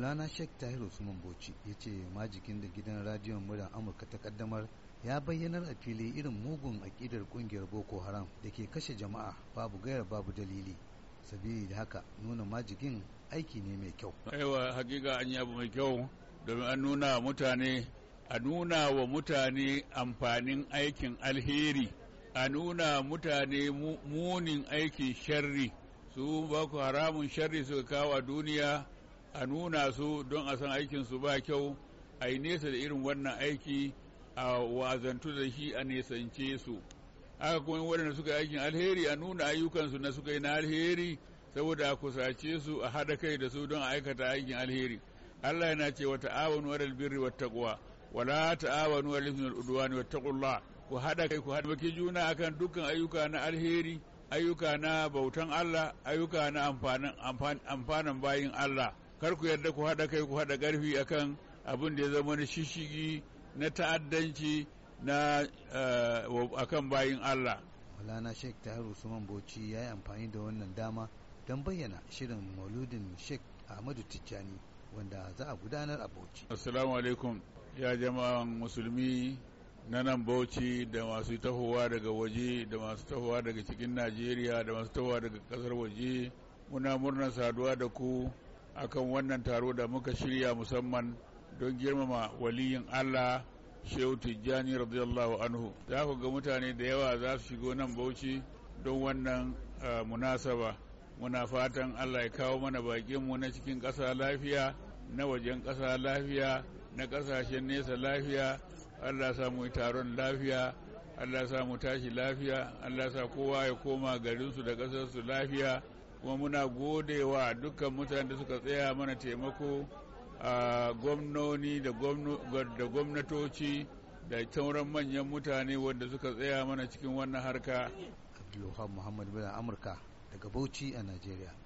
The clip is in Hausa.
maulana sheikh tahir usman bauchi ya ce majikin da gidan radiyon murar amurka ta kaddamar ya bayyanar a fili irin mugun aƙidar kungiyar boko haram da ke kashe jama'a babu gayar babu dalili sabili da haka nuna majigin aiki ne mai kyau aiwa hakika an yi mai kyau domin an nuna mutane a nuna wa mutane amfanin aikin alheri a nuna mutane munin aikin sharri su baku haramun sharri suka kawo duniya a nuna su don a san aikinsu ba kyau a yi nesa da irin wannan aiki a wazantu da shi a nesance su haka kuma waɗanda suka aikin alheri a nuna ayyukansu na suka yi na alheri saboda a kusace su a haɗa kai da su don a aikata aikin alheri Allah yana ce wa ta'awanu alal birri wat taqwa wa la ta'awanu alal ismi wal udwani wattaqullah ku haɗa kai ku haɗa juna akan dukkan ayyuka na alheri ayyuka na bautan Allah ayyuka na amfanin amfanin bayin Allah kar ku yarda ku haɗa kai ku haɗa ƙarfi akan abin da ya zama na shishigi na ta'addanci na eh, akan bayin Allah. na Sheikh Tahiru Usman Bauchi ya yi amfani da wannan dama don bayyana shirin mauludin Sheikh Ahmadu Tijjani wanda za a gudanar a Bauchi. Assalamu alaikum ya jama'an musulmi na nan Bauchi da masu tahowa daga waje da masu tahowa daga cikin Najeriya da masu tahowa daga kasar waje muna murnar saduwa da ku akan wannan taro da muka shirya musamman don girmama waliyin Allah Shehu Tijjani radiyallahu anhu za ku ga mutane da yawa za su shigo nan Bauchi don wannan uh, munasaba muna fatan Allah ya kawo mana mu na cikin ƙasa lafiya na wajen ƙasa lafiya na ƙasashen nesa lafiya Allah sa mu taron lafiya Allah sa mu tashi lafiya Allah sa kowa ya koma garinsu da ƙasarsu lafiya kuma muna godewa dukkan mutane da suka tsaya mana taimako a gwamnoni da gwamnatoci da sauran manyan mutane wanda suka tsaya mana cikin wannan harka. Abdulluhan Muhammad Bala Amurka daga Bauchi a Najeriya.